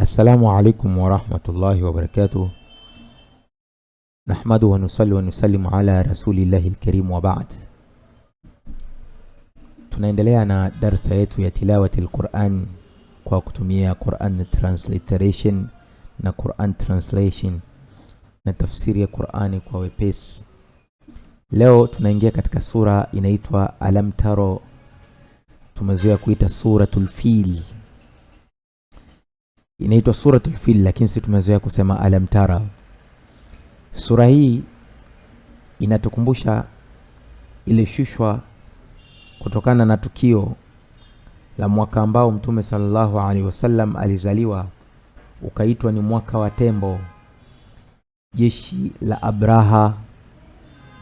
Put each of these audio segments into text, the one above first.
Assalamu alaikum warahmatullahi wabarakatuh nahmadu wanusali nusallimu ala rasulillahi alkarim wa ba'd. Tunaendelea na darsa yetu ya tilawati alquran kwa kutumia Quran transliteration na Quran translation na tafsiri ya Qurani kwa wepesi. Leo tunaingia katika sura inaitwa Alam Taro, tumezoea kuita suratul fili inaitwa Suratul Fil, lakini sisi tumezoea kusema alam tara. Sura hii inatukumbusha ilishushwa kutokana na tukio la mwaka ambao Mtume sallallahu alaihi wasallam alizaliwa ukaitwa ni mwaka wa tembo. Jeshi la Abraha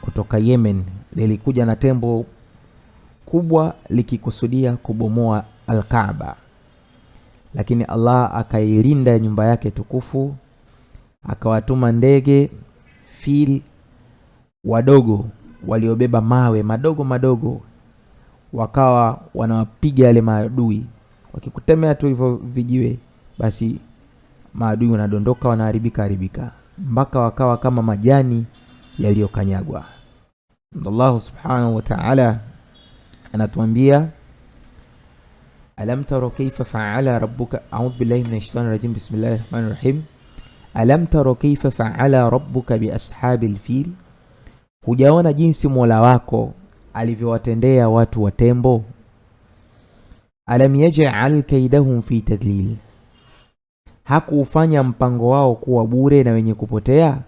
kutoka Yemen lilikuja na tembo kubwa likikusudia kubomoa Al-Kaaba lakini Allah akailinda nyumba yake tukufu, akawatuma ndege fil wadogo waliobeba mawe madogo madogo, wakawa wanawapiga yale maadui. Wakikutemea tu hivyo vijiwe, basi maadui wanadondoka, wanaharibika haribika, mpaka wakawa kama majani yaliyokanyagwa. Allahu subhanahu wa ta'ala anatuambia ألم تر كيف فعل ربك أعوذ بالله من الشيطان الرجيم بسم الله الرحمن الرحيم ألم تر كيف فعل ربك بأصحاب الفيل هجاونا جنس مولا واكو ألف واتندي واتو وتيمبو ألم يجعل كيدهم في تدليل هكو فانيا مبانغو واو كوا نوين يكوبوتيا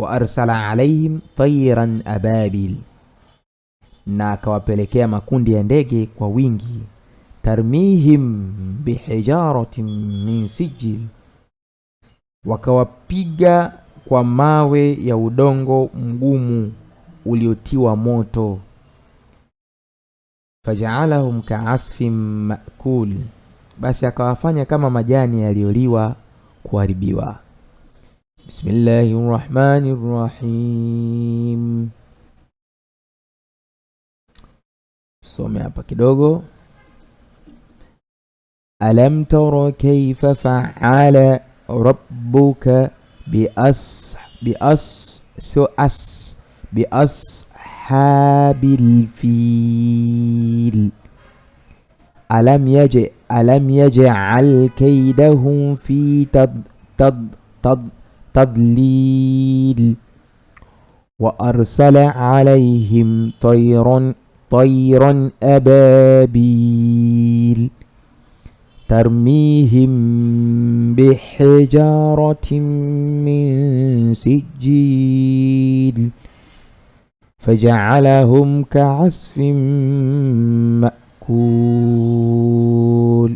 وأرسل عليهم طيرا أبابيل na akawapelekea makundi ya ndege kwa wingi. Tarmihim bihijaratin min sijil, wakawapiga kwa mawe ya udongo mgumu uliotiwa moto. Fajaalahum kaasfin makul basi akawafanya kama majani yaliyoliwa kuharibiwa. Bismillahi rahmani rahim tusome hapa kidogo. Alam tara kaifa fa'ala rabbuka bias bias so as habil fil ألم يجع ألم يجعل كيدهم fi tad tad tad تضليل وأرسل عليهم طيرا طيرا أبابيل ترميهم بحجارة من سجيل فجعلهم كعصف مأكول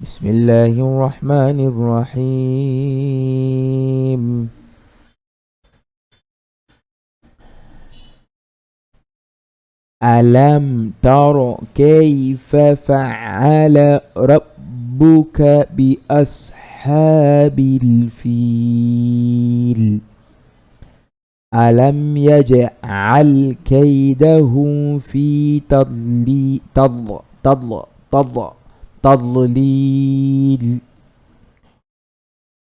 بسم الله الرحمن الرحيم ألم تر كيف فعل ربك بأصحاب الفيل ألم يجعل كيدهم في تضلي تض تض تض تضليل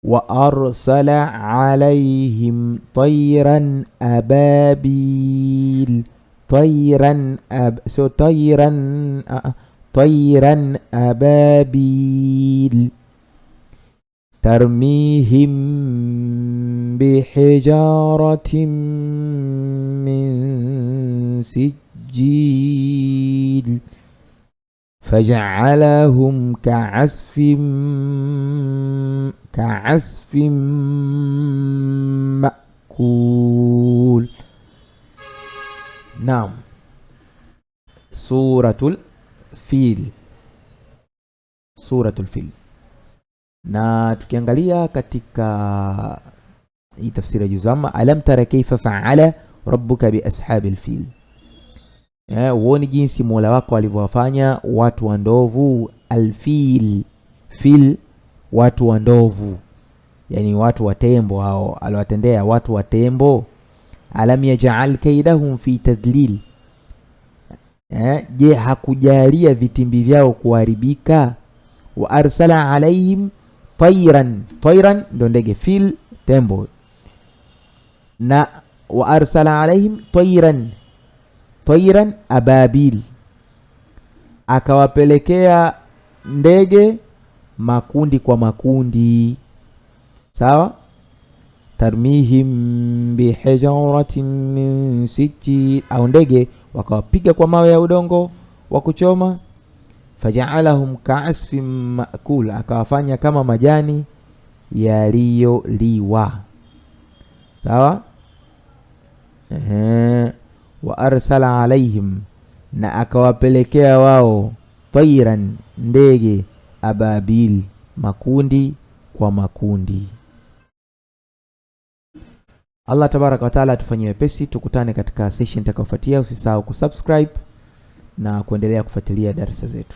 وأرسل عليهم طيرا أبابيل طيرا أب... طيرا طيرا أبابيل ترميهم بحجارة من سجيل فجعلهم كعسف كعسف مأكول suratul fil, suratul fil. Na tukiangalia katika hii tafsiri ya juzama, alam tara kaifa faala rabbuka bi ashabil fil, eh, jinsi Mola wako alivyowafanya watu wa ndovu. Alfil, fil, watu wa ndovu, yani watu wa tembo hao, aliwatendea watu wa tembo. Alam yaj'al kaidahum fi tadlil eh, je, hakujalia vitimbi vyao kuharibika? wa arsala alaihim tairan, tairan ndo ndege, fil tembo, na wa arsala alaihim tairan, tairan ababil, akawapelekea ndege makundi kwa makundi, sawa tarmihim bihijaratin min sijil, au ndege wakawapiga kwa mawe ya udongo wa kuchoma. Fajaalahum kaasfin makul akawafanya kama majani yaliyoliwa. Sawa. Ehe. Wa arsala alaihim, na akawapelekea wao tairan, ndege ababil, makundi kwa makundi. Allah tabaraka wataala atufanyie wepesi. Tukutane katika session itakayofuatia. Usisahau kusubscribe na kuendelea kufuatilia darasa zetu.